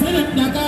City, Dakar.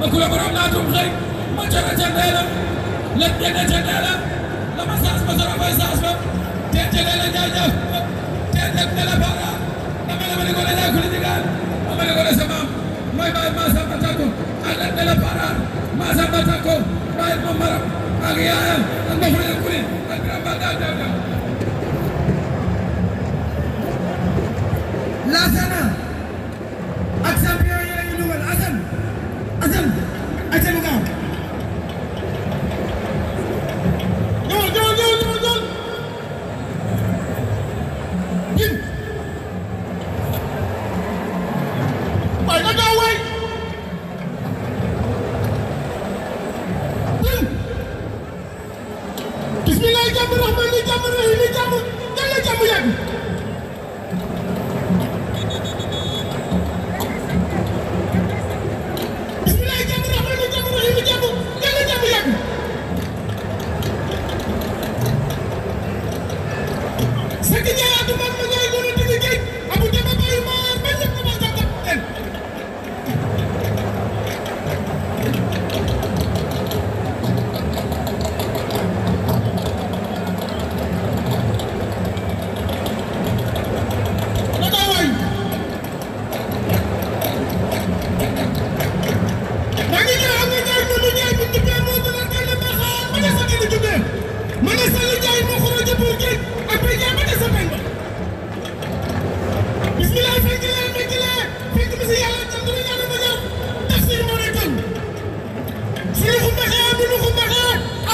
ma kula borom laatum xëy ma coono ca ndee la लड़के ने चलाया लम्बा सांस में सोना भाई सांस में चेंज चलाया जा जा चेंज चलाया भागा नमः नमः निकल जा खुली जगह नमः निकल समा मैं बाय मासा बचा को अल्लाह ने लफारा मासा बचा को बाय मुमर आगे आया अंदर खुली खुली अंदर बाजार जा जा लाजना jàmm rahmaan li jàmm rahim li jàmm yàlla jàmm yàgg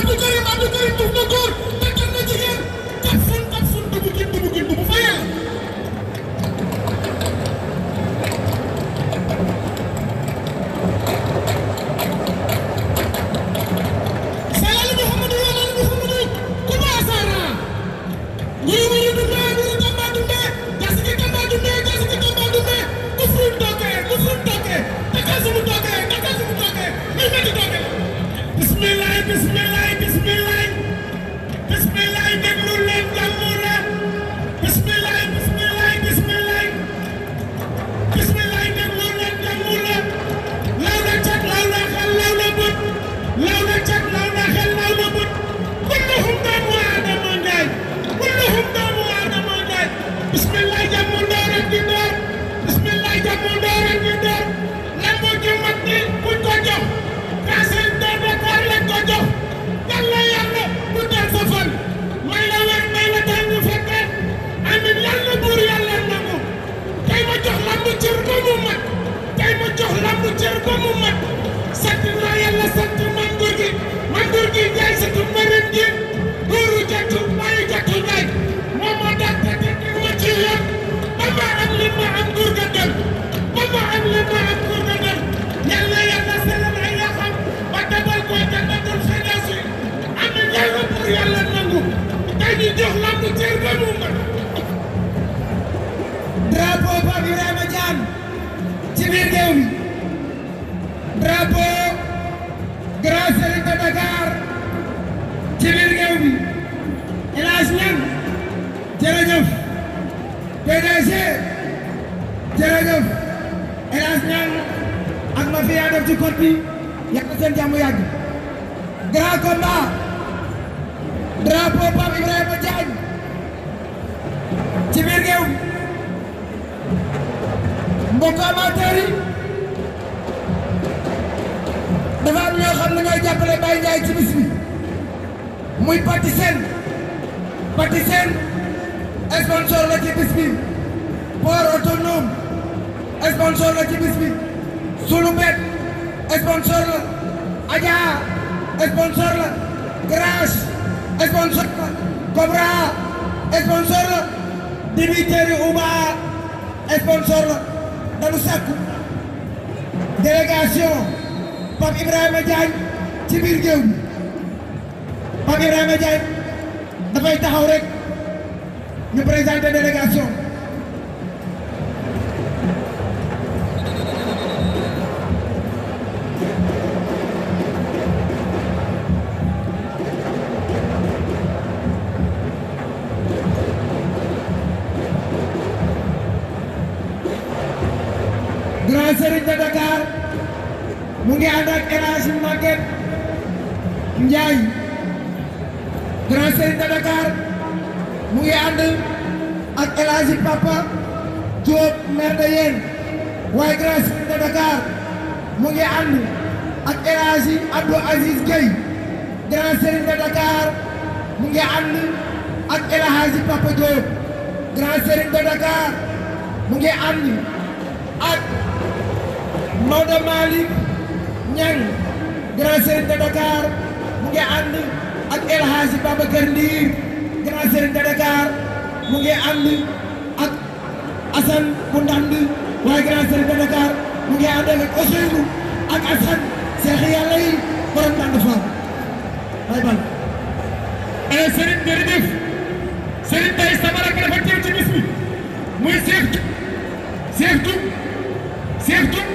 Abdülkerim, Abdülkerim, Tuzlukur. dañuy jox làmb cër ba mu mën. drapeau Pape Ibrahima Diagne ci biir géew bi drapeau Grand Serigne de Dakar ci biir géew bi El Hadj Niang jërëjëf PDG jërëjëf El Hadj Niang ak ma fi yaa def ci code bi yàlla seen jàmm yàgg grand combat. drapeau Pape Ibrahima Diagne ci biir géew mbokk amateur yi dafa am ñoo xam ne ñooy muy Pati Sène Pati la ci bis bi port autonome la ci bis bi sulu bet sponsor la Adja sponsor Cobra sponsor dibiteeri Uba sponsor dañu sakku délégation Pape Ibrahima Diagne ci biir géew bi Pape Ibrahima Diagne dafay taxaw rekk ñu présenté délégation grand serigne de mu ngi ànd ak El Hadj Maguette Ndiaye grand serigne mu ngi ànd ak El Papa Diop maire de Yène waaye grand serigne de mu ngi ànd ak El Papa Diop grand serigne de mu ngi ànd ak Mada Malik Nyang Grasir dakar Mungkin anda Ak El Haji Baba Gandir Grasir dakar Mungkin anda Ak Asan Kundandi Wai Grasir Tadakar Mungkin Andi Ak Usuyu Ak Asan Sekhi Alayi Koran Tandufan Hai Bang Eh Serin Dirdif Serin Tai Samara Kerafakir Jumismi Mui Sheikh Sheikh Tum Sheikh Tum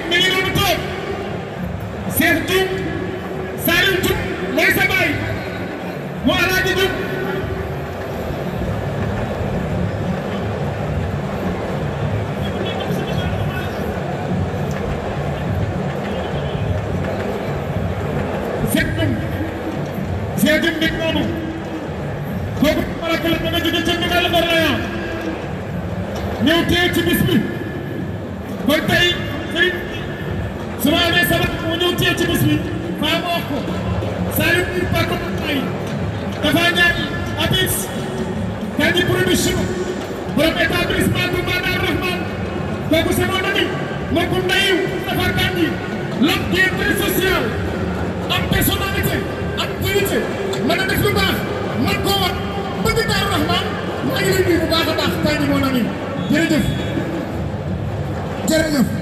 mooy tey Serigne su ma amee sama mu ñëw téye ci bés bi maa ma wax ko Saliou Ndour Paco Mbaye Abis Kandji production borom établissement bu Badar Rahman kooku sama nami moo ko ndayiw dafa Kandji l'homme qui est très social am personnalité am qualité mën a def lu baax man koo wax bëgg Badar Rahman maa ngi lay nuyu bu baax a baax Kandji moo nami jërëjëf Serena.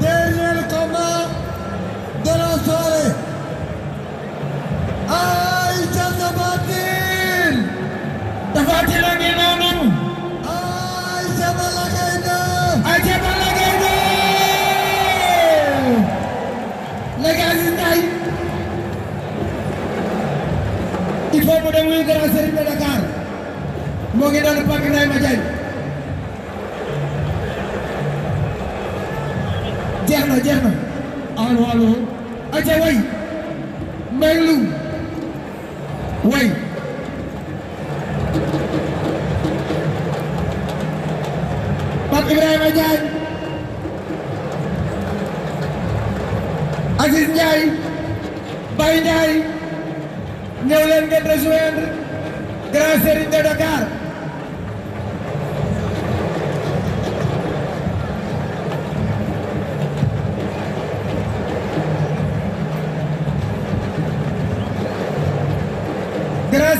del el combat de la soirée. Aïcha Sabatil Sabatil a mis mon nom Aïcha Balagaïda Aïcha Balagaïda Les gars, c'est taille Il faut que vous vous rassurez de la carte. Je vais vous donner un peu de temps. na jeex na allo allo aca way mbaylu way Pape Ibrahima Ndiaye Aziz Ndiaye Baye Ndiaye ñëw leen ngeen rejoindre Grand Serigne de Dakar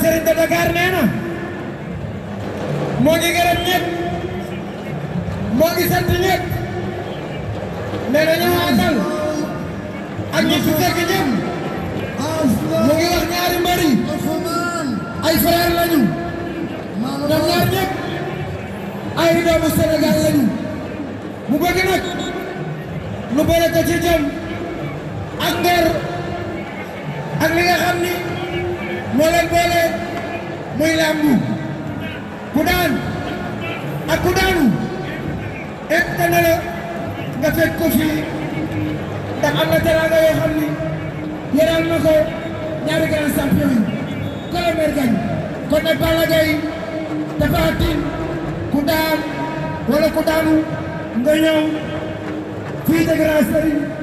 Serigne de nee na moo ngi gërëm ñëpp moo ngi sant ñëpp nee na ñoo ak ñi fi fekk ñëpp mu ngi wax ñaari mbër ay frère lañu mu bëgg nag lu bëre ci jëm ak ngor ak li nga ni. moo leen boole muy làmbu ak ku daanu et dana nga fekk ko fii ndax am na teraanga yoo xam ni na ko ñaari grand champion yi Kolomer gañ kon nag Balla Gaye dafa tin nga ñëw fii de grand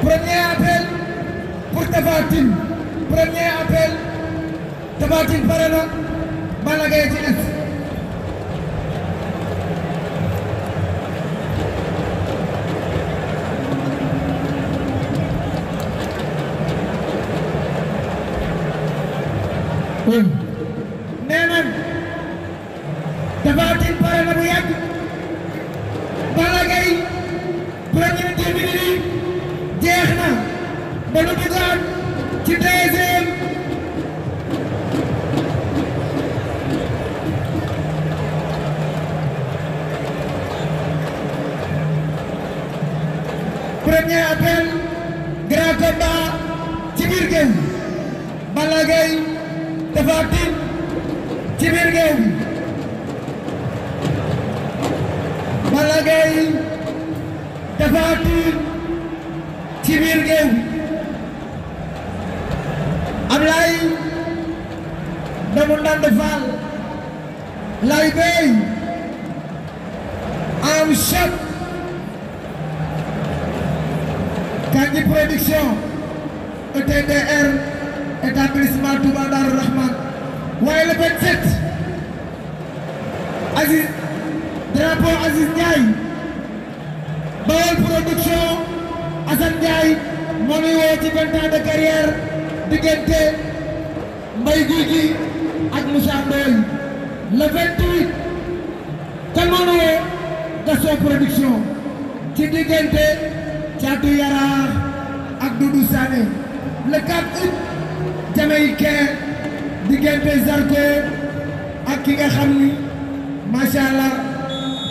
premier appel pour Tapha Tine premier appel Tapha Tine pare na Badu ci deuxième. premier appel grand ci biir géew Balla Yande Fall lay béy am chef Kandji Production ETDR établissement Touba Darou Rahman waaye le 27 Aziz drapeau Aziz Ndiaye Bawol Production Assane Ndiaye moo ngi woo ci vingt ans de Guy gi ak Moussa Ndoye le 28 jamono Gaston production ci diggante Thiatou Yarakh ak Doudou Sané le 4 août Jamaïcain diggante Zarko ak ki nga xam ni macha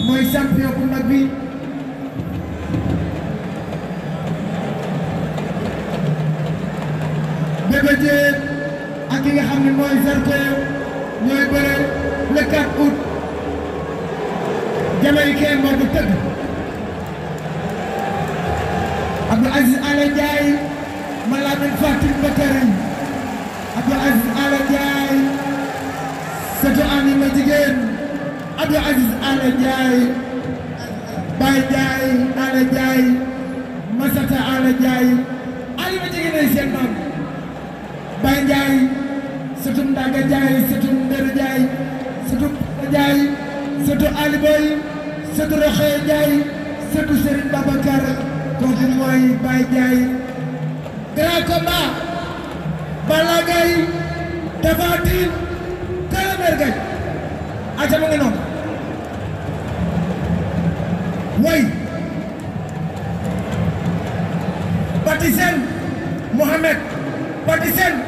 mooy champion bu bi. Bébé Diène ak ki nga xam ne mooy Zarko ñooy bëre le 4 août jamaïcain moo ko tëgg Abdou Aziz Ala Ndiaye ma laa mel Fatim Bakary Abdou Aziz Ala Ndiaye sëtu Ami ma jigéen Abdou Aziz Ala Ndiaye Baye Ndiaye Ala Ndiaye Masata Ala Ndiaye Ali ma jigéen ay seen maam Baye Ndiaye surtout Ndaga Ndiaye surtout Ndéru Ndiaye surtout Ndiaye surtout Ali Boy surtout Roxee Ndiaye surtout Serigne Babacar kooku mooy Baye Ndiaye. grand combat Balla Gaye Tapha Tine Kër Merguez aca mu ngi noonu way Patisen Mohamed Patisen.